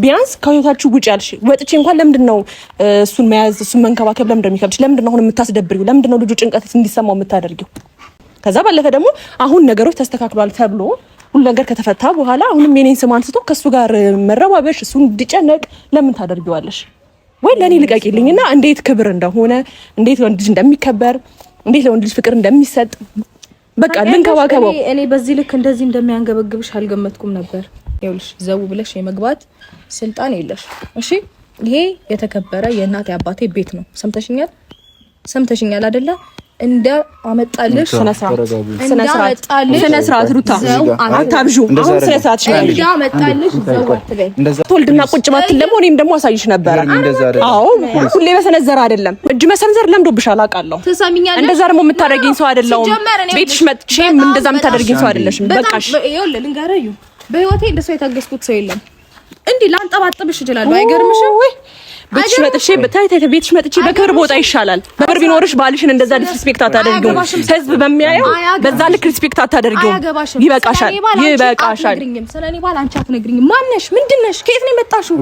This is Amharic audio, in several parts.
ቢያንስ ከህይወታችሁ ውጭ ያልሽ ወጥቼ እንኳን ለምንድን ነው እሱን መያዝ እሱን መንከባከብ ለምንድን ነው የሚከብድሽ? ለምንድን ነው አሁን የምታስደብሪው? ለምንድን ነው ልጁ ጭንቀት እንዲሰማው የምታደርጊው? ከዛ ባለፈ ደግሞ አሁን ነገሮች ተስተካክሏል ተብሎ ሁሉ ነገር ከተፈታ በኋላ አሁንም የኔን ስም አንስቶ ከእሱ ጋር መረባበሽ እሱን እንዲጨነቅ ለምን ታደርጊዋለሽ? ወይ ለእኔ ልቀቂልኝና እንዴት ክብር እንደሆነ እንዴት ለወንድ ልጅ እንደሚከበር እንዴት ለወንድ ልጅ ፍቅር እንደሚሰጥ በቃ ልንከባከበው። እኔ በዚህ ልክ እንደዚህ እንደሚያንገበግብሽ አልገመትኩም ነበር። ይኸውልሽ ዘው ብለሽ የመግባት ስልጣን የለሽ። እሺ፣ ይሄ የተከበረ የእናቴ አባቴ ቤት ነው። ሰምተሽኛል? ሰምተሽኛል አይደለ? እንደ አመጣልሽ ስነ ስርዓት ሩታ አታብዡ። አሁን ስነ ስርዓት ትወልድና ቁጭ ባትል ደግሞ እኔም ደግሞ አሳይሽ ነበረ። አዎ ሁሌ በሰነዘር አይደለም እጅ መሰንዘር ለምዶብሻል አውቃለሁ። እንደዛ ደግሞ የምታደርጊኝ ሰው አይደለሁም። ቤትሽ መጥቼ እንደዛ የምታደርጊኝ ሰው አይደለሽም። በቃሽ። እዩ በህይወቴ እንደሰው የታገስኩት ሰው የለም። እንዲህ ላንጠባጥብሽ እችላለሁ። አይገርምሽም ወይ? ቤትሽ መጥቼ ታይ ታይ ቤትሽ መጥቼ በክብር ቦታ ይሻላል። በክብር ቢኖርሽ ባልሽን እንደዛ ዲስሪስፔክት አታደርጊው። ህዝብ በሚያየው በዛ ልክ ሪስፔክት አታደርጊው። ይበቃሻል፣ ይበቃሻል። ስለኔ ባል አንቺ አትነግሪኝም። ከየት ነው የመጣሽው?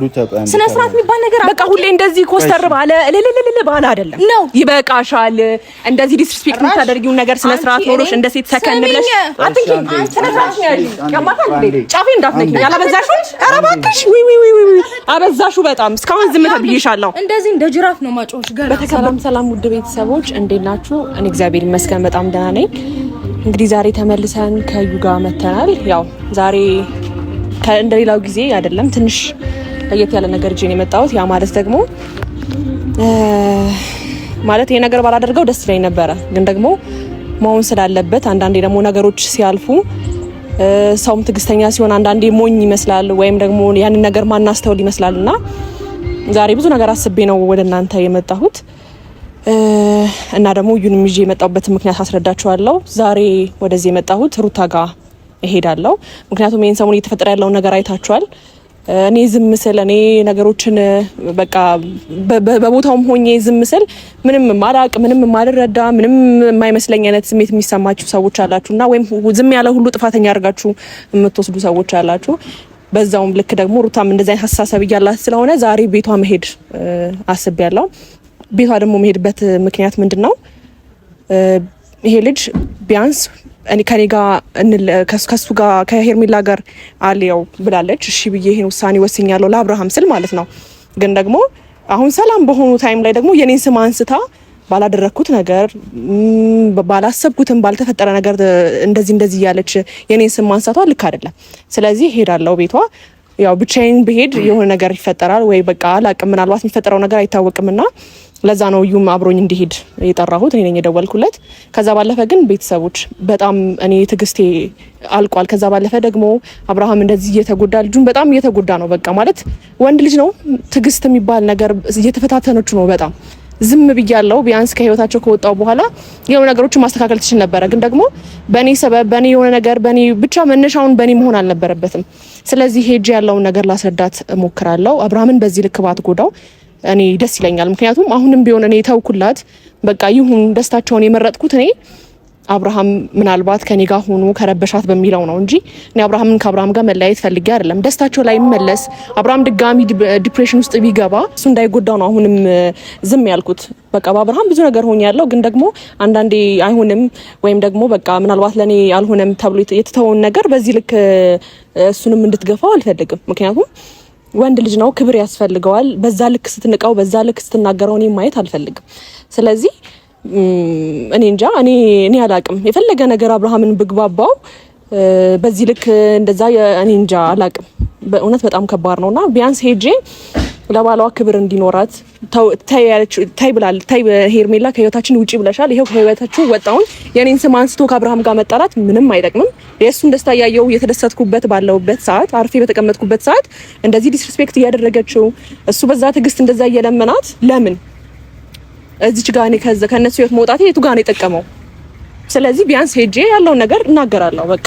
ስነ ስርዓት የሚባል ነገር በቃ ሁሌ እንደዚህ ኮስተር ባለ ለለለለ ባለ አይደለም ነው። ይበቃሻል። እንደዚህ ዲስሪስፔክት የምታደርጊውን ነገር ስነ ስርዓት ኖሮሽ እንደ ሴት ሰከን ብለሽ አትንኪ። ስነ ስርዓት ነው ጫፌ እንዳትነኪ። ያላበዛሽው። ኧረ እባክሽ! አበዛሽው በጣም እስካሁን ዝም ተብዬ እነግርሻለሁ። እንደዚህ እንደ ጅራፍ ነው ጋር ሰላም ሰላም፣ ውድ ቤተሰቦች እንዴት ናችሁ? እኔ እግዚአብሔር ይመስገን በጣም ደህና ነኝ። እንግዲህ ዛሬ ተመልሰን ከዩ ጋር መተናል። ያው ዛሬ እንደሌላው ጊዜ አይደለም፣ ትንሽ ለየት ያለ ነገር ይዤ የመጣሁት። ያ ማለት ደግሞ ማለት ይሄ ነገር ባላደርገው ደስ ይለኝ ነበረ፣ ግን ደግሞ መሆን ስላለበት አንዳንዴ ደግሞ ነገሮች ሲያልፉ ሰውም ትግስተኛ ሲሆን አንዳንዴ ሞኝ ይመስላል፣ ወይም ደግሞ ያንን ነገር ማናስተውል ይመስላል እና ዛሬ ብዙ ነገር አስቤ ነው ወደ እናንተ የመጣሁት እና ደግሞ እዩንም ይዤ የመጣሁበትን ምክንያት አስረዳችኋለሁ። ዛሬ ወደዚህ የመጣሁት ሩታ ጋር እሄዳለሁ። ምክንያቱም ይህን ሰሞን እየተፈጠረ ያለውን ነገር አይታችኋል። እኔ ዝም ስል እኔ ነገሮችን በቃ በቦታውም ሆኜ ዝም ስል ምንም ማላቅ ምንም ማልረዳ ምንም የማይመስለኝ አይነት ስሜት የሚሰማችሁ ሰዎች አላችሁ እና ወይም ዝም ያለ ሁሉ ጥፋተኛ አድርጋችሁ የምትወስዱ ሰዎች አላችሁ። በዛውም ልክ ደግሞ ሩታም እንደዚህ አይነት ሀሳሰብ እያላት ስለሆነ ዛሬ ቤቷ መሄድ ያለው ቤቷ ደግሞ መሄድበት ምክንያት ምንድን ነው? ይሄ ልጅ ቢያንስ እኔ ከኔ ጋር ከሱ ጋር ከሄርሜላ ጋር አልየው ብላለች። እሺ ብዬ ይሄን ውሳኔ ወስኛለሁ ለአብርሃም ስል ማለት ነው። ግን ደግሞ አሁን ሰላም በሆኑ ታይም ላይ ደግሞ የኔን ስም አንስታ ባላደረግኩት ነገር ባላሰብኩትም ባልተፈጠረ ነገር እንደዚህ እንደዚህ እያለች የኔን ስም ማንሳቷ ልክ አይደለም። ስለዚህ ሄዳለው ቤቷ ያው ብቻዬን ብሄድ የሆነ ነገር ይፈጠራል ወይ በቃ አላቅም። ምናልባት የሚፈጠረው ነገር አይታወቅምና ለዛ ነው እዩም አብሮኝ እንዲሄድ የጠራሁት። እኔ ነኝ የደወልኩለት። ከዛ ባለፈ ግን ቤተሰቦች በጣም እኔ ትግስቴ አልቋል። ከዛ ባለፈ ደግሞ አብርሃም እንደዚህ እየተጎዳ ልጁም በጣም እየተጎዳ ነው። በቃ ማለት ወንድ ልጅ ነው። ትግስት የሚባል ነገር እየተፈታተኖች ነው በጣም ዝም ብያለው። ቢያንስ ከህይወታቸው ከወጣው በኋላ የሆነ ነገሮችን ማስተካከል ትችል ነበረ፣ ግን ደግሞ በኔ ሰበብ በኔ የሆነ ነገር በእኔ ብቻ መነሻውን በኔ መሆን አልነበረበትም። ስለዚህ ሄጅ ያለውን ነገር ላስረዳት ሞክራለሁ አብርሃምን በዚህ ልክ ባትጎዳው እኔ ደስ ይለኛል። ምክንያቱም አሁንም ቢሆን እኔ ተውኩላት፣ በቃ ይሁን ደስታቸውን የመረጥኩት እኔ አብርሃም ምናልባት ከኔ ጋር ሆኖ ከረበሻት በሚለው ነው እንጂ እኔ አብርሃምን ከአብርሃም ጋር መለያየት ፈልጌ አይደለም። ደስታቸው ላይ መለስ አብርሃም ድጋሚ ዲፕሬሽን ውስጥ ቢገባ እሱ እንዳይጎዳ ነው አሁንም ዝም ያልኩት። በቃ በአብርሃም ብዙ ነገር ሆኝ ያለው ግን ደግሞ አንዳንዴ አይሆንም ወይም ደግሞ በቃ ምናልባት ለእኔ አልሆነም ተብሎ የተተወውን ነገር በዚህ ልክ እሱንም እንድትገፋው አልፈልግም። ምክንያቱም ወንድ ልጅ ነው፣ ክብር ያስፈልገዋል። በዛ ልክ ስትንቀው፣ በዛ ልክ ስትናገረው እኔ ማየት አልፈልግም። ስለዚህ እኔ እንጃ እኔ እኔ አላቅም። የፈለገ ነገር አብርሃምን ብግባባው በዚህ ልክ እንደዛ እኔ እንጃ አላቅም። በእውነት በጣም ከባድ ነውና ቢያንስ ሄጄ ለባሏ ክብር እንዲኖራት ታይ ብላል ታይ ሄርሜላ ከህይወታችን ውጪ ብለሻል፣ ይሄው ከህይወታችሁ ወጣውን የኔን ስም አንስቶ ከአብርሃም ጋር መጣላት ምንም አይጠቅምም። የእሱን ደስታ እያየው የተደሰትኩበት ባለውበት ሰዓት፣ አርፌ በተቀመጥኩበት ሰዓት እንደዚህ ዲስሪስፔክት እያደረገችው እሱ በዛ ትዕግስት እንደዛ እየለመናት ለምን እዚች ጋር እኔ ከዛ ከነሱ ህይወት መውጣቴ የቱ ጋር ነው የጠቀመው? ስለዚህ ቢያንስ ሄጄ ያለውን ነገር እናገራለሁ። በቃ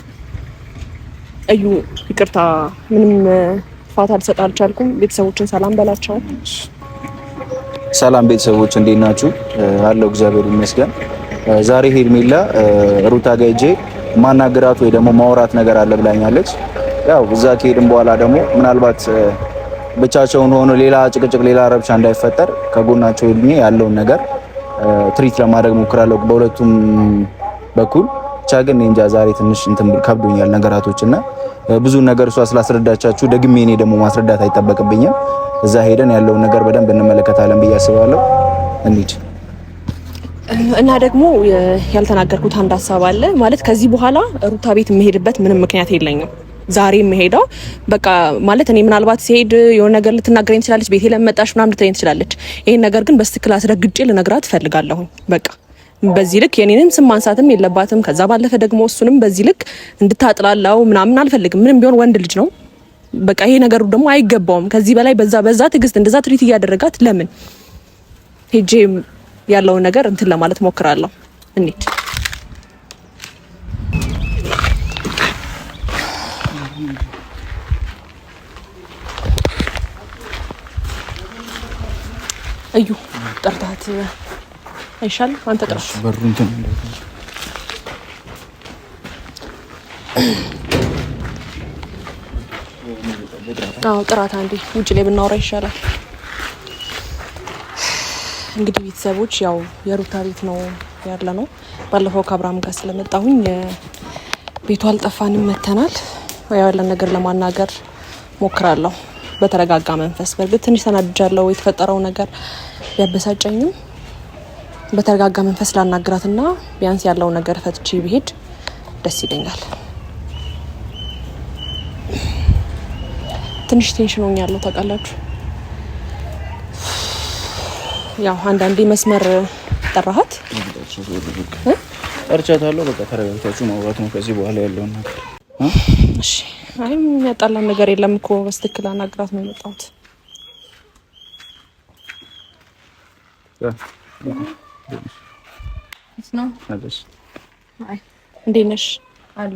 እዩ፣ ይቅርታ ምንም ፋታ ልሰጥ አልቻልኩም። ቤተሰቦችን ሰላም በላቸው። ሰላም ቤተሰቦች እንዴት ናችሁ? አለው እግዚአብሔር ይመስገን። ዛሬ ሄርሜላ ሩታ ጋር ሄጄ ማናገራት ወይ ደግሞ ማውራት ነገር አለ ብላኛለች። ያው እዛ ከሄድን በኋላ ደግሞ ምናልባት ብቻቸውን ሆኖ ሌላ ጭቅጭቅ፣ ሌላ ረብሻ እንዳይፈጠር ከጎናቸው ሆኜ ያለውን ነገር ትሪት ለማድረግ ሞክራለሁ በሁለቱም በኩል ብቻ ግን እንጃ ዛሬ ትንሽ እንትን ከብዶኛል ነገራቶች እና ብዙ ነገር እሷ ስላስረዳቻችሁ ደግሜ እኔ ደግሞ ማስረዳት አይጠበቅብኝም። እዛ ሄደን ያለውን ነገር በደንብ እንመለከታለን ብዬ አስባለሁ። እንሂድ እና ደግሞ ያልተናገርኩት አንድ ሀሳብ አለ ማለት ከዚህ በኋላ ሩታ ቤት የምሄድበት ምንም ምክንያት የለኝም። ዛሬ የምሄደው በቃ ማለት እኔ ምናልባት ሲሄድ የሆነ ነገር ልትናገረኝ ትችላለች፣ ቤቴ ለመጣሽ ምናምን ልትለኝ ትችላለች። ይሄን ነገር ግን በስትክል አስረግጬ ልነግራት ትፈልጋለሁ በቃ በዚህ ልክ የኔንም ስም ማንሳትም የለባትም። ከዛ ባለፈ ደግሞ እሱንም በዚህ ልክ እንድታጥላላው ምናምን አልፈልግም። ምንም ቢሆን ወንድ ልጅ ነው። በቃ ይሄ ነገሩ ደግሞ አይገባውም። ከዚህ በላይ በዛ በዛ ትግስት እንደዛ ትሪት እያደረጋት ለምን ሄጄ ያለውን ነገር እንትን ለማለት ሞክራለሁ። እንዴት እዩ ጠርታት አይሻልም? አንተ ጥራት በሩ እንትን አዎ፣ ጥራት አንዴ ውጭ ላይ ብናወራ ይሻላል። እንግዲህ ቤተሰቦች ያው የሩታ ቤት ነው ያለ ነው። ባለፈው ከአብርሃም ጋር ስለመጣሁኝ ቤቱ አልጠፋንም መተናል። ያው ያለን ነገር ለማናገር ሞክራለሁ። በተረጋጋ መንፈስ በእርግጥ ትንሽ ተናድጃለሁ። የተፈጠረው ነገር ቢያበሳጨኝም በተረጋጋ መንፈስ ላናግራትና ቢያንስ ያለው ነገር ፈትቼ ብሄድ ደስ ይለኛል። ትንሽ ቴንሽን ሆኛለሁ ታውቃላችሁ። ያው አንዳንዴ መስመር ጠራሃት እርቻታለሁ። በቃ ተረጋግታችሁ ማውራት ነው ከዚህ በኋላ ያለውን ነገር እሺ አይ የሚያጣላን ነገር የለም እኮ በስትክል አናግራት ነው የመጣሁት። እንዴት ነሽ? አሉ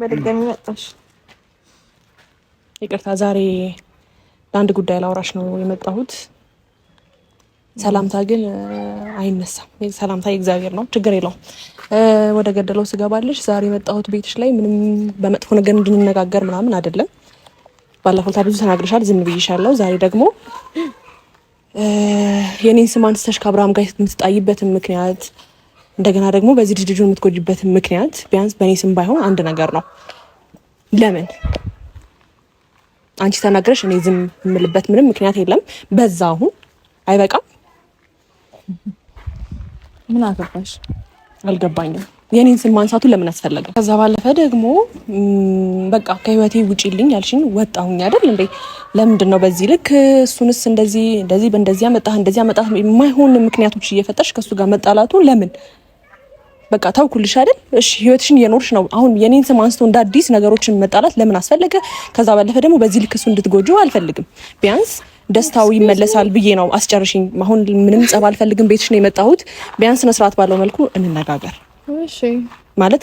በድጋሚ መጣሽ? ይቅርታ ዛሬ ለአንድ ጉዳይ ላውራሽ ነው የመጣሁት። ሰላምታ ግን አይነሳም። ሰላምታ የእግዚአብሔር ነው፣ ችግር የለውም። ወደ ገደለው ስገባለሽ ዛሬ የመጣሁት ቤትሽ ላይ ምንም በመጥፎ ነገር እንድንነጋገር ምናምን አይደለም። ባለፈው ብዙ ተናግረሻል፣ ዝም ብዬሻለሁ። ዛሬ ደግሞ የኔን ስም አንስተሽ ከአብርሃም ጋር የምትጣይበትን ምክንያት እንደገና ደግሞ በዚህ ልጅ ልጁን ምክንያት ቢያንስ በእኔ ስም ባይሆን አንድ ነገር ነው። ለምን አንቺ ተናግረሽ እኔ ዝም የምልበት ምንም ምክንያት የለም። በዛ አሁን አይበቃም? ምን አገባሽ? አልገባኝም። የኔን ስም ማንሳቱ ለምን አስፈለገ? ከዛ ባለፈ ደግሞ በቃ ከህይወቴ ውጪልኝ ያልሽኝ ወጣሁኝ አይደል እንዴ? ለምንድን ነው በዚህ ልክ እሱንስ እንደዚህ እንደዚህ በእንደዚህ አመጣህ እንደዚህ አመጣህ የማይሆን ምክንያቶች እየፈጠርሽ ከእሱ ጋር መጣላቱ ለምን? በቃ ታውኩልሽ አይደል? እሺ ህይወትሽን እየኖርሽ ነው። አሁን የኔን ስም አንስቶ እንደ አዲስ ነገሮችን መጣላት ለምን አስፈለገ? ከዛ ባለፈ ደግሞ በዚህ ልክ እሱ እንድትጎጂው አልፈልግም። ቢያንስ ደስታው ይመለሳል ብዬ ነው። አስጨርሽኝ። አሁን ምንም ጸብ አልፈልግም። ቤትሽ ነው የመጣሁት። ቢያንስ ስነ ስርዓት ባለው መልኩ እንነጋገር። ማለት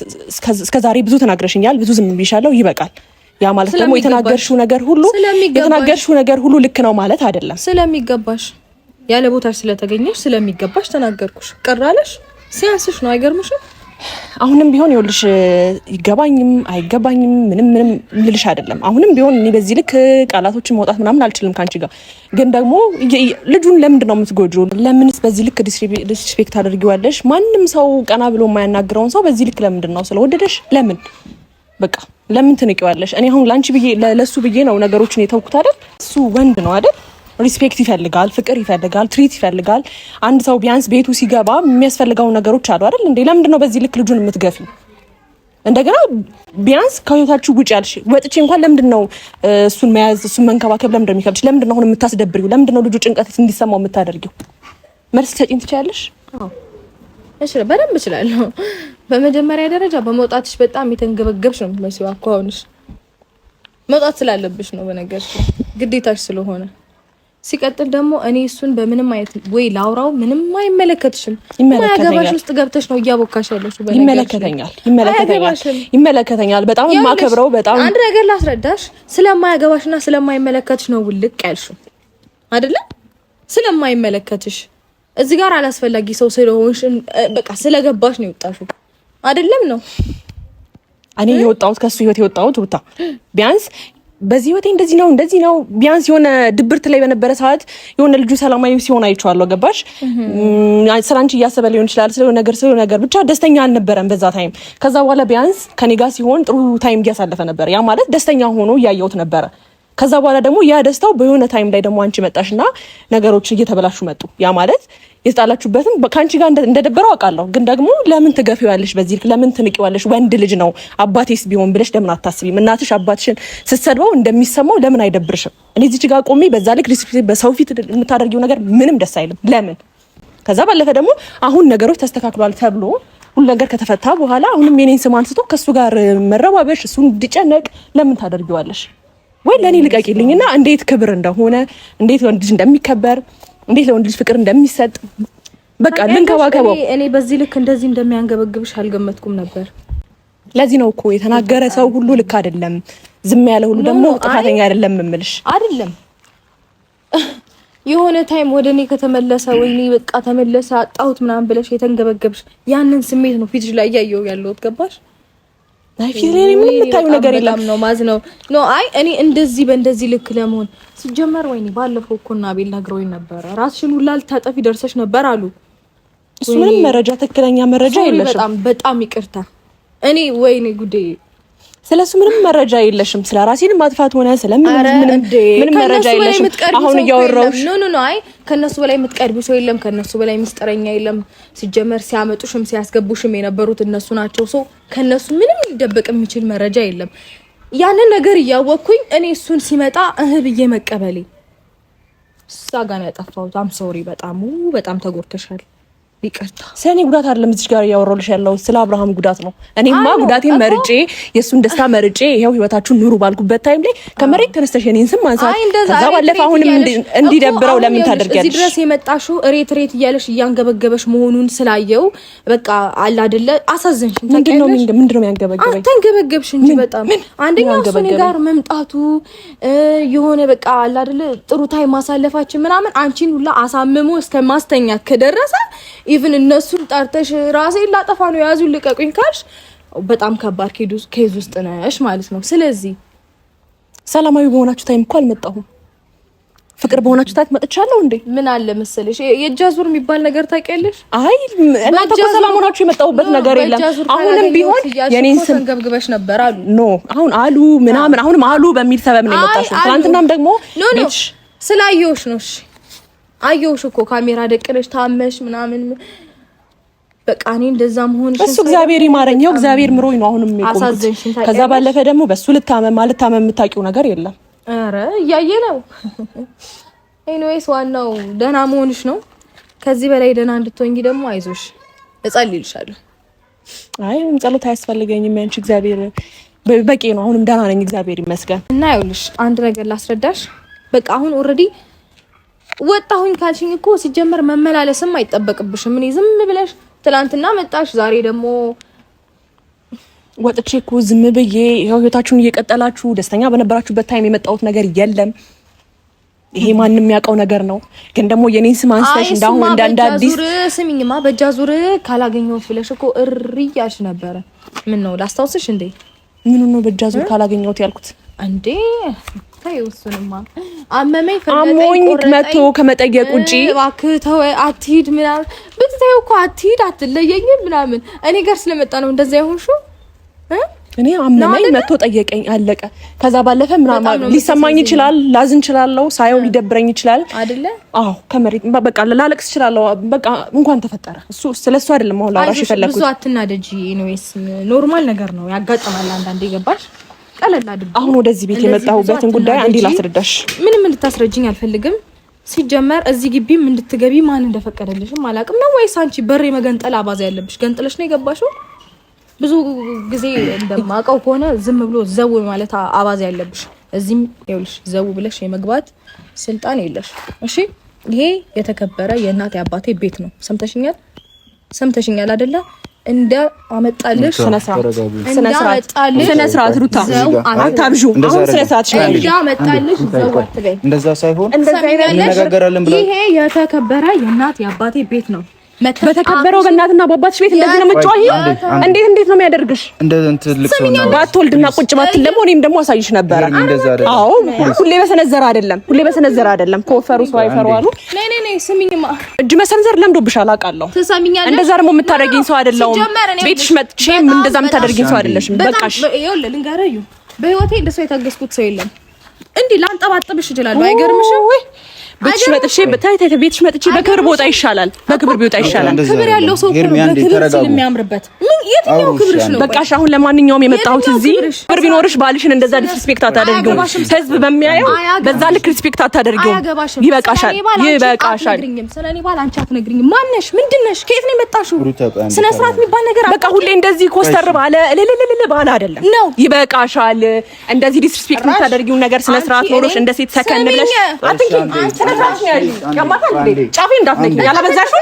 እስከዛሬ ብዙ ተናግረሽኛል። ብዙ ዝም ቢሻለው ይበቃል። ያ ማለት ደግሞ የተናገርሽው ነገር ሁሉ የተናገርሽው ነገር ሁሉ ልክ ነው ማለት አይደለም። ስለሚገባሽ ያለ ቦታሽ ስለተገኘሽ ስለሚገባሽ ተናገርኩሽ። ቀራለሽ ሲያንስሽ ነው። አይገርምሽም? አሁንም ቢሆን ይኸውልሽ ይገባኝም አይገባኝም ምንም ምንም ልልሽ አይደለም። አሁንም ቢሆን እኔ በዚህ ልክ ቃላቶችን መውጣት ምናምን አልችልም ከአንቺ ጋር። ግን ደግሞ ልጁን ለምንድን ነው የምትጎጂው? ለምንስ በዚህ ልክ ዲስሪስፔክት አድርጊዋለሽ? ማንም ሰው ቀና ብሎ የማያናግረውን ሰው በዚህ ልክ ለምንድን ነው ስለወደደሽ? ለምን በቃ ለምን ትንቂዋለሽ? እኔ አሁን ለአንቺ ብዬ ለእሱ ብዬ ነው ነገሮችን የተውኩት አይደል? እሱ ወንድ ነው አይደል? ሪስፔክት ይፈልጋል፣ ፍቅር ይፈልጋል፣ ትሪት ይፈልጋል። አንድ ሰው ቢያንስ ቤቱ ሲገባ የሚያስፈልገው ነገሮች አሉ አይደል እንዴ? ለምንድን ነው በዚህ ልክ ልጁን የምትገፊ? እንደገና ቢያንስ ከህይወታችሁ ውጭ ያልሽ ወጥቼ እንኳን ለምንድን ነው እሱን መያዝ እሱን መንከባከብ ለምንድን ነው የሚከብድሽ? ለምንድን ነው አሁን የምታስደብሪው? ለምንድን ነው ልጁ ጭንቀት እንዲሰማው የምታደርጊው? መልስ ሰጪኝ ትችላለሽ? በደንብ እችላለሁ። በመጀመሪያ ደረጃ በመውጣትሽ በጣም የተንገበገብሽ ነው የምትመስለው። አሁንሽ መውጣት ስላለብሽ ነው፣ በነገርሽ ግዴታሽ ስለሆነ ሲቀጥል ደግሞ እኔ እሱን በምንም አይነት ወይ ላውራው ምንም አይመለከትሽም። ማያገባሽ ውስጥ ገብተሽ ነው እያቦካሽ ያለሽው። ይመለከተኛል ይመለከተኛል። ይመለከተኛል። በጣም የማከብረው በጣም አንድ ነገር ላስረዳሽ። ስለማያገባሽና ስለማይመለከትሽ ነው ውልቅ ያልሽው አይደለም። ስለማይመለከትሽ እዚህ ጋር አላስፈላጊ ሰው ስለሆንሽ በቃ ስለገባሽ ነው የወጣሽው አይደለም ነው እኔ የወጣሁት ከሱ ህይወት የወጣሁት ውታ ቢያንስ በዚህ ህይወቴ እንደዚህ ነው እንደዚህ ነው። ቢያንስ የሆነ ድብርት ላይ በነበረ ሰዓት የሆነ ልጁ ሰላማዊ ሲሆን አይቼዋለሁ። ገባሽ? ስለ አንቺ እያሰበ ሊሆን ይችላል፣ ስለ ነገር ስለ ነገር ብቻ ደስተኛ አልነበረም በዛ ታይም። ከዛ በኋላ ቢያንስ ከኔ ጋር ሲሆን ጥሩ ታይም እያሳለፈ ነበር። ያ ማለት ደስተኛ ሆኖ እያየሁት ነበረ። ከዛ በኋላ ደግሞ ያ ደስታው በሆነ ታይም ላይ ደግሞ አንቺ መጣሽና ነገሮች እየተበላሹ መጡ። ያ ማለት የተጣላችሁበትም ከአንቺ ጋር እንደደበረው አውቃለሁ፣ ግን ደግሞ ለምን ትገፊዋለሽ? በዚህ ልክ ለምን ትንቂዋለሽ? ወንድ ልጅ ነው። አባቴስ ቢሆን ብለሽ ለምን አታስቢም? እናትሽ አባትሽን ስትሰድበው እንደሚሰማው ለምን አይደብርሽም? እኔ እዚች ጋር ቆሜ በዛ ልክ ዲስፕሊን፣ በሰው ፊት የምታደርጊው ነገር ምንም ደስ አይልም። ለምን ከዛ ባለፈ ደግሞ አሁን ነገሮች ተስተካክሏል ተብሎ ሁሉ ነገር ከተፈታ በኋላ አሁንም የኔን ስም አንስቶ ከእሱ ጋር መረባበሽ፣ እሱ እንዲጨነቅ ለምን ታደርጊዋለሽ? ወይ ለእኔ ልቀቂልኝ እና እንዴት ክብር እንደሆነ እንዴት ለወንድ ልጅ እንደሚከበር እንዴት ለወንድ ልጅ ፍቅር እንደሚሰጥ በቃ ልንከባከበው። እኔ በዚህ ልክ እንደዚህ እንደሚያንገበግብሽ አልገመትኩም ነበር። ለዚህ ነው እኮ የተናገረ ሰው ሁሉ ልክ አይደለም፣ ዝም ያለ ሁሉ ደግሞ ጥፋተኛ አይደለም የምልሽ አይደለም። የሆነ ታይም ወደ እኔ ከተመለሰ ወይኔ በቃ ተመለሰ አጣሁት ምናምን ብለሽ የተንገበገብሽ ያንን ስሜት ነው ፊትሽ ላይ እያየው ያለሁት ገባሽ? ላይፊ ምን የምታዩ ነገር የለም ነው ማዝ ነው ኖ አይ እኔ እንደዚህ በእንደዚህ ልክ ለመሆን ሲጀመር፣ ወይኔ ባለፈው እኮ እና ቤል ነግረውኝ ነበረ ራስሽን ሁላ ልታጠፊ ደርሰሽ ነበር አሉ። እሱ ምንም መረጃ ትክክለኛ መረጃ የለሽም። በጣም በጣም ይቅርታ እኔ ወይኔ ጉዴ ስለሱ ምንም መረጃ የለሽም። ስለ ራሴን ማጥፋት ሆነ ስለምንም መረጃ የለሽም። አሁን እያወራሁሽ ኖ ኖ ኖ። አይ ከነሱ በላይ የምትቀርቢ ሰው የለም። ከነሱ በላይ ምስጢረኛ የለም። ሲጀመር ሲያመጡሽም ሲያስገቡሽም የነበሩት እነሱ ናቸው። ሰው ከነሱ ምንም ሊደበቅ የሚችል መረጃ የለም። ያንን ነገር እያወቅኩኝ እኔ እሱን ሲመጣ እህ ብዬ መቀበሌ እዛ ጋር ነው ያጠፋሁት። አም ሶሪ። በጣም በጣም ተጎድተሻል። ይቅርታ ሰኔ ጉዳት አይደለም። እዚህ ጋር እያወራሁልሽ ያለው ስለ አብርሃም ጉዳት ነው። እኔማ ጉዳቴን መርጬ የእሱን ደስታ መርጬ ይኸው ህይወታችሁን ኑሩ ባልኩበት ታይም ላይ ከመሬት ተነስተሽ እኔን ስም ማንሳት ከዛ ባለፈ አሁንም እንዲደብረው ለምን ታደርጊያለሽ? እዚህ ድረስ የመጣሽው ሬት ሬት እያለሽ እያንገበገበሽ መሆኑን ስላየው በቃ አለ አይደለ አሳዘንሽኝ። ምንድን ነው ያንገበገበኝ? ተንገበገብሽ እንጂ በጣም አንደኛ እሱ እኔ ጋር መምጣቱ የሆነ በቃ አለ አይደለ ጥሩ ታይም ማሳለፋችን ምናምን አንቺን ሁላ አሳምሞ እስከ ማስተኛ ከደረሰ ኢቭን እነሱን ጠርተሽ ራሴ ላጠፋ ነው የያዙን ልቀቁኝ ካልሽ በጣም ከባድ ኬዝ ውስጥ ነሽ ማለት ነው። ስለዚህ ሰላማዊ በሆናችሁ ታይም እኮ አልመጣሁም። ፍቅር በሆናችሁ ታት መጥቻለሁ እንዴ? ምን አለ መሰለሽ የእጃዙር የሚባል ነገር ታውቂያለሽ? አይ እናንተ እኮ ሰላም ሆናችሁ የመጣሁበት ነገር የለም። አሁንም ቢሆን የኔን ስም ገብግበሽ ነበር አሉ ኖ አሁን አሉ ምናምን አሁንም አሉ በሚል ሰበብ ነው የመጣሽው። ትናንትናም ደግሞ ስላየሁሽ ነው። እሺ አየሁሽ እኮ ካሜራ ደቅነሽ ታመሽ ምናምን በቃ እኔ እንደዛ መሆን እሱ እግዚአብሔር ይማረኝ። ይኸው እግዚአብሔር ምሮኝ ነው አሁንም አሳዘንሽኝ። ከዛ ባለፈ ደግሞ በሱ ልታመም ማለት ታመም የምታውቂው ነገር የለም። ኧረ እያየ ነው። ኤኒዌይስ ዋናው ደህና መሆንሽ ነው። ከዚህ በላይ ደህና እንድትሆኝ ደግሞ አይዞሽ እጸልይልሻለሁ። አይ ጸሎት አያስፈልገኝም። ያንቺ እግዚአብሔር በቂ ነው። አሁንም ደህና ነኝ እግዚአብሔር ይመስገን። እና ይኸውልሽ አንድ ነገር ላስረዳሽ። በቃ አሁን ኦልሬዲ ወጣሁኝ ካልሽኝ እኮ ሲጀመር መመላለስም አይጠበቅብሽም። እኔ ዝም ብለሽ ትላንትና መጣሽ፣ ዛሬ ደግሞ ወጥቼ እኮ ዝም ብዬ ህይወታችሁን እየቀጠላችሁ ደስተኛ በነበራችሁበት ታይም የመጣሁት ነገር የለም። ይሄ ማንም የሚያውቀው ነገር ነው። ግን ደግሞ የኔን ስም አንስተሽ እንዳሁን አንድ አዲስ ስሚኝማ፣ በእጃ ዙር ካላገኘሁት ብለሽ እኮ እርያሽ ነበረ። ምን ነው ላስታውስሽ እንዴ? ምኑ ነው በእጃ ዙር ካላገኘሁት ያልኩት እንዴ? አመመኝ መቶ ከመጠየቅ ውጪ እባክህ ተው አትሂድ ምናምን ብትተይው እኮ አትሂድ አትለየኝም ምናምን እኔ ጋር ስለመጣ ነው እንደዛ የሆንሽው እኔ አመመኝ መቶ ጠየቀኝ፣ አለቀ። ከዛ ባለፈ ምናምን ሊሰማኝ ይችላል፣ ላዝን እችላለሁ፣ ሳየው ሊደብረኝ ይችላል አይደለ? አዎ፣ ከመሬት በቃ ላለቅስ እችላለሁ። በቃ እንኳን ተፈጠረ። እሱ ስለ እሱ አይደለም አሁን ላውራሽ የፈለኩት። ብዙ አትናደጂ። ኤኒዌይስ ኖርማል ነገር ነው ያጋጥማል አንዳንዴ። ገባሽ? ቀለል አድርጊ። አሁን ወደዚህ ቤት የመጣሁበትን ጉዳይ አንዴ ላስረዳሽ። ምንም እንድታስረጅኝ አልፈልግም። ሲጀመር እዚህ ግቢም እንድትገቢ ማን እንደፈቀደልሽም አላውቅም። ነው ወይስ አንቺ በር የመገንጠል አባዛ ያለብሽ? ገንጥለሽ ነው የገባሽው። ብዙ ጊዜ እንደማውቀው ከሆነ ዝም ብሎ ዘው ማለት አባዛ ያለብሽ፣ እዚህም ይኸውልሽ ዘው ብለሽ የመግባት ስልጣን የለሽ። እሺ፣ ይሄ የተከበረ የእናቴ አባቴ ቤት ነው። ሰምተሽኛል? ሰምተሽኛል አይደለ? እንደ አመጣልሽ ስነ ስርዓት ሩታ አታብዡ። አሁን ስነ ስርዓት እንደ አመጣልሽ ዘው አትበይ። እንደዛ ሳይሆን ይሄ የተከበረ የእናት የአባቴ ቤት ነው። በተከበረው በእናትና በአባትሽ ቤት እንደዚህ ነው የምትጮሂው? እንዴት እንዴት ነው የሚያደርግሽ? እንደዚህ ነው። ባትወልድና ቁጭ ባትል ደግሞ እኔም ደግሞ አሳይሽ ነበረ። አዎ ሁሌ በሰነዘር አይደለም፣ ሁሌ በሰነዘር አይደለም። ከወፈሩ ሰው አይፈሩ አሉ። እጅ መሰንዘር ለምዶብሻል አውቃለሁ። እንደዛ ደግሞ የምታደርጊኝ ሰው አይደለሁም። ቤትሽ መጥቼም እንደዛ የምታደርጊኝ ሰው አይደለሽም። በቃሽ። በህይወቴ እንደሷ የታገስኩት ሰው የለም። እንዲህ ላንጠባጥብሽ እችላለሁ። አይገርምሽም ወይ? ቤትሽ መጥቼ ታይ ቤትሽ መጥቼ በክብር ቦታ ይሻላል፣ በክብር ቦታ ይሻላል። ክብር ያለው ሰው ነው በክብር ስለሚያምርበት ምን የትኛው ክብርሽ ነው? በቃሽ። አሁን ለማንኛውም የመጣሁት እዚህ ክብር ቢኖርሽ ባልሽን እንደዛ ዲስሪስፔክት አታደርጊውም። ህዝብ በሚያየው በዛ ልክ ሪስፔክት አታደርጊውም። ይበቃሻል፣ ይበቃሻል። ስለኔ ባል አንቺ አትነግሪኝም። ማነሽ? ምንድነሽ? ከየት ነው የመጣሽው? ስነ ስርዓት የሚባል ነገር በቃ ሁሌ እንደዚህ ኮስተር ባለ እልልልል ባለ አይደለም ነው። ይበቃሻል። እንደዚህ ዲስሪስፔክት የምታደርጊውን ነገር ስነ ስርዓት ኖሮሽ እንደ ሴት ሰከን ብለሽ አትንኪ ጫፌ እንዳትነቂ ያላበዛሽው።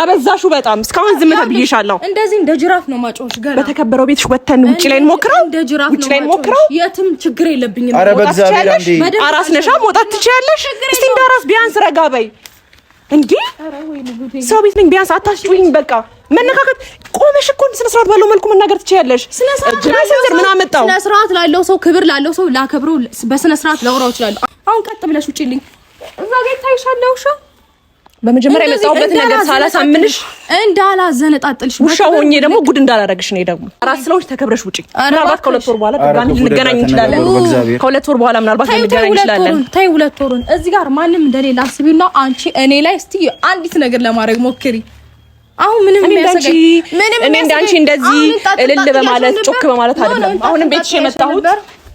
ኧረ እባክሽ በጣም። እስካሁን ዝም ተብዬሻለሁ። እንደዚህ እንደ ጅራፍ ነው ማጮሽ። ገና በተከበረው ቤትሽ ወተን ውጪ ላይ እንሞክረው፣ ውጪ ላይ እንሞክረው። የትም ችግር የለብኝም። አራስ ነሻ መውጣት ትችያለሽ። እስቲ እንደ አራስ ቢያንስ ረጋ በይ እንዴ! ሰው ቤት ነኝ ቢያንስ አታስጩኝ በቃ መነካከት ቆመሽ እኮ ስነ ስርዓት ባለው መልኩ መናገር ትችያለሽ። ስነ ስርዓት ምን አመጣው? ስነ ስርዓት ላለው ሰው ክብር ላለው ሰው ላከብረው በስነ ስርዓት ላወራው ይችላል። አሁን ቀጥ ብለሽ ውጪልኝ። እዛ ጋር ታይሻለሁ። ውሻ በመጀመሪያ የመጣሁበት ነገር ሳላሳምንሽ እንዳላዘነጣጥልሽ ውሻ ሆኜ ደግሞ ጉድ እንዳላረግሽ ነው። ደግሞ አራት ስለሆንሽ ተከብረሽ ውጪ። ምናልባት ከሁለት ወር በኋላ ድጋሚ ልንገናኝ እንችላለን። ከሁለት ወር በኋላ ምናልባት ልንገናኝ እንችላለን። ተይ ሁለት ወሩን እዚህ ጋር ማንም እንደሌላ አስቢና አንቺ እኔ ላይ እስቲ አንዲት ነገር ለማድረግ ሞክሪ። አሁን ምንም የሚያሰጋኝ እኔ እንዳንቺ እንደዚህ እልል በማለት ጮክ በማለት አይደለም። አሁንም ቤትሽ የመጣሁት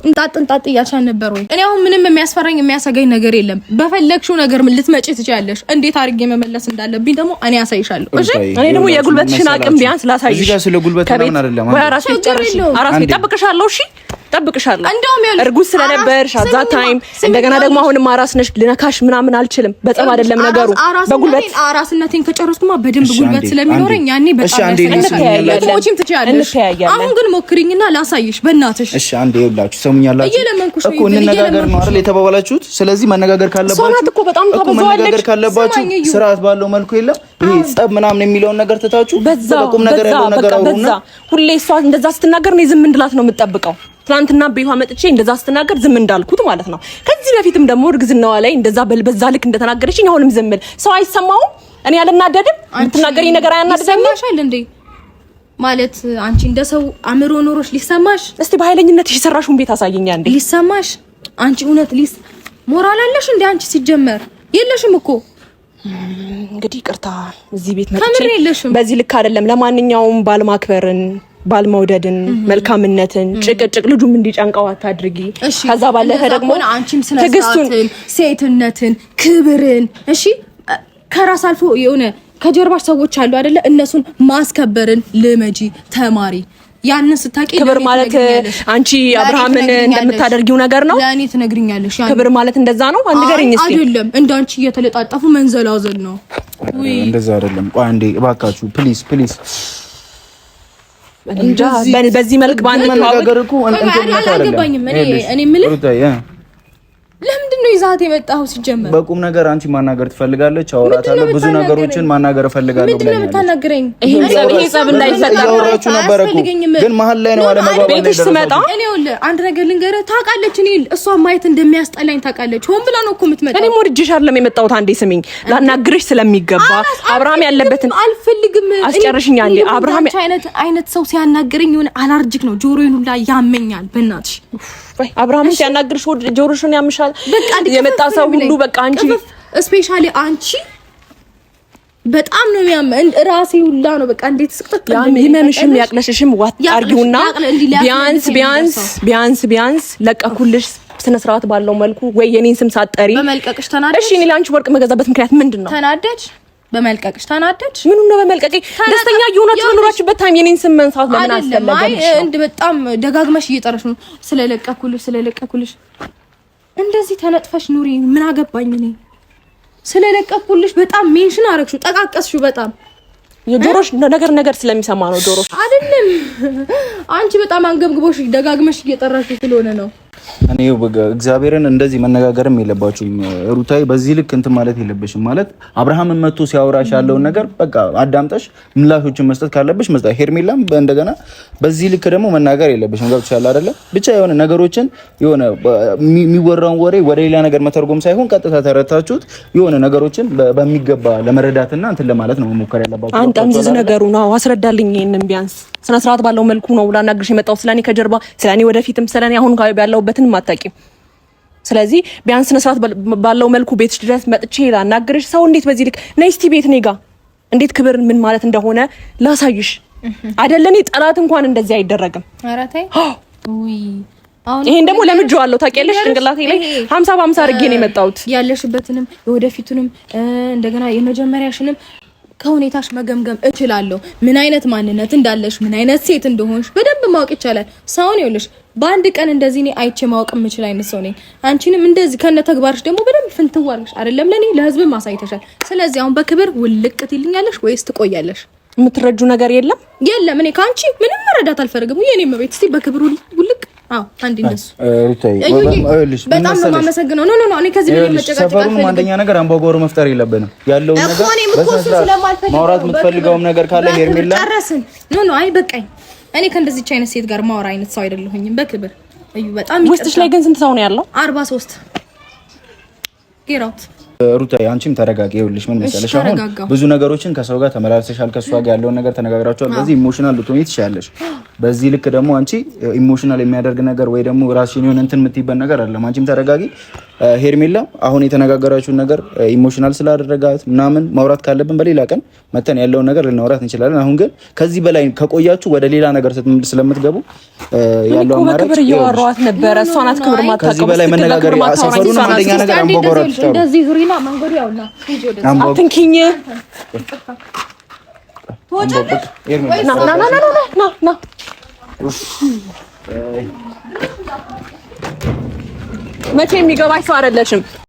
እንጣጥ እንጣጥ እያልሻል ነበር ወይ? እኔ አሁን ምንም የሚያስፈራኝ የሚያሰጋኝ ነገር የለም። በፈለግሽው ነገር ምን ልትመጪ ትችያለሽ። እንዴት አድርጌ መመለስ እንዳለብኝ ደግሞ እኔ አሳይሻለሁ። እሺ፣ እኔ ደግሞ የጉልበትሽን አቅም ቢያንስ ላሳይሽ። እዚህ ከቤት ወይ አራስ ቤት አይደለም። አራስ ቤት ጠብቅሻለሁ። እሺ ጠብቅሻለሁ። እንደውም እርጉዝ ስለነበርሽ አዛ ታይም እንደገና ደግሞ አሁንም አራስ ነሽ። ልነካሽ ምናምን አልችልም። በጸብ አይደለም ነገሩ በጉልበት አራስነቴን ከጨረስኩማ በደንብ ጉልበት ስለሚኖረኝ ያኔ በጣም እንትያያለን እንትያያለን። አሁን ግን ሞክሪኝና ላሳይሽ በእናትሽ። እሺ አንዴ ይኸውላችሁ፣ ሰሙኛላችሁ እኮ እንነጋገር ነው አይደል የተባባላችሁት። ስለዚህ መነጋገር ካለባችሁ ሶማት እኮ በጣም መነጋገር ካለባችሁ ስርዓት ባለው መልኩ የለም ይሄ ጸብ ምናምን የሚለውን ነገር ትታችሁ በቁም ነገር ያለው ነገር አውሩና። ሁሌ እሷ እንደዛ ስትናገር እኔ ዝም እንድላት ነው የምጠብቀው ትናንትና ቤቷ መጥቼ እንደዛ ስትናገር ዝም እንዳልኩት ማለት ነው። ከዚህ በፊትም ደግሞ እርግዝናዋ ላይ እንደዛ በዛ ልክ እንደተናገረችኝ አሁንም ዝም ብል ሰው አይሰማውም። እኔ አልናደድም። የምትናገሪኝ ነገር አያናድደኝም። እንዴ? ማለት አንቺ እንደ ሰው አእምሮ ኖሮች ሊሰማሽ፣ እስቲ በኃይለኝነትሽ የሰራሽውን ቤት አሳየኛ እንዴ ሊሰማሽ። አንቺ እውነት ሊስ ሞራል አለሽ እንዴ? አንቺ ሲጀመር የለሽም እኮ እንግዲህ ቅርታ እዚህ ቤት መጥቼ በዚህ ልክ አይደለም። ለማንኛውም ባል ባልመውደድን፣ መልካምነትን፣ ጭቅጭቅ ልጁም እንዲጨንቀው አታድርጊ። ከዛ ባለፈ ደግሞ አንቺም ትዕግስቱን፣ ሴትነትን፣ ክብርን እሺ ከራስ አልፎ የሆነ ከጀርባሽ ሰዎች አሉ አይደለ? እነሱን ማስከበርን ልመጂ ተማሪ። ያንን ስታቂ ክብር ማለት አንቺ አብርሃምን እንደምታደርጊው ነገር ነው። ለእኔ ትነግሪኛለሽ። ክብር ማለት እንደዛ ነው። አንድ ነገር አይደለም። እንዳንቺ እየተለጣጠፉ መንዘላዘል ነው። እንደዛ አይደለም። ቆይ አንዴ እባካችሁ ፕሊስ በዚህ መልክ ባንነጋገር እኮ እኔ የምልህ ለምንድን ነው ይዛት የመጣው? ሲጀመር በቁም ነገር አንቺ ማናገር ትፈልጋለች፣ አወራታለሁ፣ ብዙ ነገሮችን ማናገር እፈልጋለሁ። ምንድን ነው የምታናግረኝ? ይሄ ጸብ እንዳይፈጠር አወራችሁ ነበር እኮ ግን መሀል ላይ ነው አለመግባባት። ቤትሽ ስመጣ እኔ ይኸውልህ አንድ ነገር ልንገርህ፣ ታውቃለች፣ እኔ እሷ ማየት እንደሚያስጠላኝ ታውቃለሽ። ሆን ብላ ነው እኮ የምትመጣው። እኔም ወድጄሽ አይደለም የመጣሁት። አንዴ ስሚኝ፣ ላናግርሽ ስለሚገባ አብርሃም ያለበትን አልፈልግም። አስጨርሽኝ አንዴ። አብርሃም አይነት አይነት ሰው ሲያናግረኝ የሆነ አላርጅክ ነው፣ ጆሮዬን ሁላ ያመኛል። በእናትሽ ቆይ አብርሃም ሲያናግርሽ ጆሮሽን ያምሻል። የመጣ ሰው ሁሉ በቃ አንቺ ስፔሻሊ አንቺ በጣም ነው ያም ራሴ ሁላ ነው በቃ እንዴት ስቅጥጥ ያም ይመምሽም ያቅለሽሽም ዋት አርጊውና ቢያንስ ቢያንስ ቢያንስ ቢያንስ ለቀኩልሽ ስነ ስርዓት ባለው መልኩ ወይ የኔን ስም ሳጠሪ በመልቀቅሽ ተናደድሽ። እሺ እኔ ለአንቺ ወርቅ መገዛበት ምክንያት ምንድን ነው? ተናደድሽ በመልቀቅሽ ተናደድሽ? ምኑ ነው በመልቀቅ? ደስተኛ እየሆናችሁ በኖራችሁበት ታይም የኔን ስም መንሳት ለምን አስፈለገሽ? እንድ በጣም ደጋግመሽ እየጠረሽ ነው። ስለለቀኩልሽ ስለለቀኩልሽ እንደዚህ ተነጥፈሽ ኑሪ። ምን አገባኝ እኔ። ስለለቀኩልሽ በጣም ሜንሽን አረግሽው፣ ጠቃቀስሽው። በጣም የጆሮሽ ነገር ነገር ስለሚሰማ ነው ጆሮሽ አይደለም። አንቺ በጣም አንገብግቦሽ ደጋግመሽ እየጠራሽ ስለሆነ ነው እኔ እግዚአብሔርን እንደዚህ መነጋገርም የለባችሁም። ሩታዬ በዚህ ልክ እንትን ማለት የለብሽም። ማለት አብርሃምን መቶ ሲያወራሽ ያለውን ነገር በቃ አዳምጠሽ ምላሾችን መስጠት ካለብሽ መስጠት፣ ሄርሜላም እንደገና በዚህ ልክ ደግሞ መናገር የለብሽም። ገብቶሻል አይደለ? ብቻ የሆነ ነገሮችን የሆነ የሚወራውን ወሬ ወደ ሌላ ነገር መተርጎም ሳይሆን ቀጥታ ተረታችሁት የሆነ ነገሮችን በሚገባ ለመረዳትና እንትን ለማለት ነው መሞከር ያለባችሁ። አንጠምዝዝ ነገሩ ነው። አስረዳልኝ ይህንን ቢያንስ ስነ ስርዓት ባለው መልኩ ነው ላናግርሽ የመጣው። ስለኔ ከጀርባ ስለኔ ወደፊትም ስለኔ አሁን ጋር ያለውበትን አታውቂም። ስለዚህ ቢያንስ ስነ ስርዓት ባለው መልኩ ቤትሽ ድረስ መጥቼ ላናግርሽ። ሰው እንዴት በዚህ ልክ ነይ እስቲ ቤት እኔ ጋር እንዴት ክብር ምን ማለት እንደሆነ ላሳይሽ አይደለ? እኔ ጠላት እንኳን እንደዚህ አይደረግም። ይሄን ደግሞ አለው ታውቂያለሽ። ጭንቅላቴ ላይ ሀምሳ በሀምሳ አድርጌ ነው የመጣሁት ያለሽበትንም የወደፊቱንም እንደገና የመጀመሪያሽንም ከሁኔታሽ መገምገም እችላለሁ። ምን አይነት ማንነት እንዳለሽ፣ ምን አይነት ሴት እንደሆንሽ በደንብ ማወቅ ይቻላል። ሰውን ይኸውልሽ፣ በአንድ ቀን እንደዚህ እኔ አይቼ ማወቅ የምችል አይነት ሰው ነኝ። አንቺንም እንደዚህ ከነ ተግባርሽ ደግሞ በደንብ ፍንትዋልሽ አይደለም ለእኔ ለህዝብ ማሳይተሻል። ስለዚህ አሁን በክብር ውልቅ ትይልኛለሽ ወይስ ትቆያለሽ? የምትረጁ ነገር የለም የለም። እኔ ከአንቺ ምንም መረዳት አልፈልግም። የኔም ቤት እስኪ በክብር ውልቅ በጣም ነው አንደኛ ነገር አምባጓሮ መፍጠር የለብንም። ያለው ማውራት የምትፈልገውም ነገር ካለ ሄርሜላ ጨረስን። ኖ አይ በቃኝ። እኔ ከእንደዚች አይነት ሴት ጋር ማውራ አይነት ሰው አይደለሁኝም። በክብር እዩ። በጣም ውስጥሽ ላይ ግን ስንት ሰው ነው ያለው? አርባ ሶስት ጌራውት ሩታ አንቺም ተረጋጊ። ይኸውልሽ ምን መሰለሽ፣ አሁን ብዙ ነገሮችን ከሰው ጋር ተመላልሰሻል፣ ከእሷ ጋር ያለውን ነገር ተነጋግራችኋል። በዚህ ኢሞሽናል ልትሆኚ ትችያለሽ። በዚህ ልክ ደግሞ አንቺ ኢሞሽናል የሚያደርግ ነገር ወይ ደግሞ ራስሽን የሆነ እንትን የምትይበት ነገር አለ። አንቺም ተረጋጊ ሄርሜላ አሁን የተነጋገራችሁን ነገር ኢሞሽናል ስላደረጋት ምናምን ማውራት ካለብን በሌላ ቀን መተን ያለውን ነገር ልናውራት እንችላለን። አሁን ግን ከዚህ በላይ ከቆያችሁ ወደ ሌላ ነገር ስለምትገቡ ያለው አማራጭ እያወራኋት ነበረ። እሷ ናት ክብር ከዚህ በላይ መነጋገር አንደኛ ነገር እንደዚህ ዙሪና መንገዱ ያውና አትንኪኝ ትወጫለሽ። ና ና ና ና ና መቼ የሚገባሽ ሰው አይደለሽም።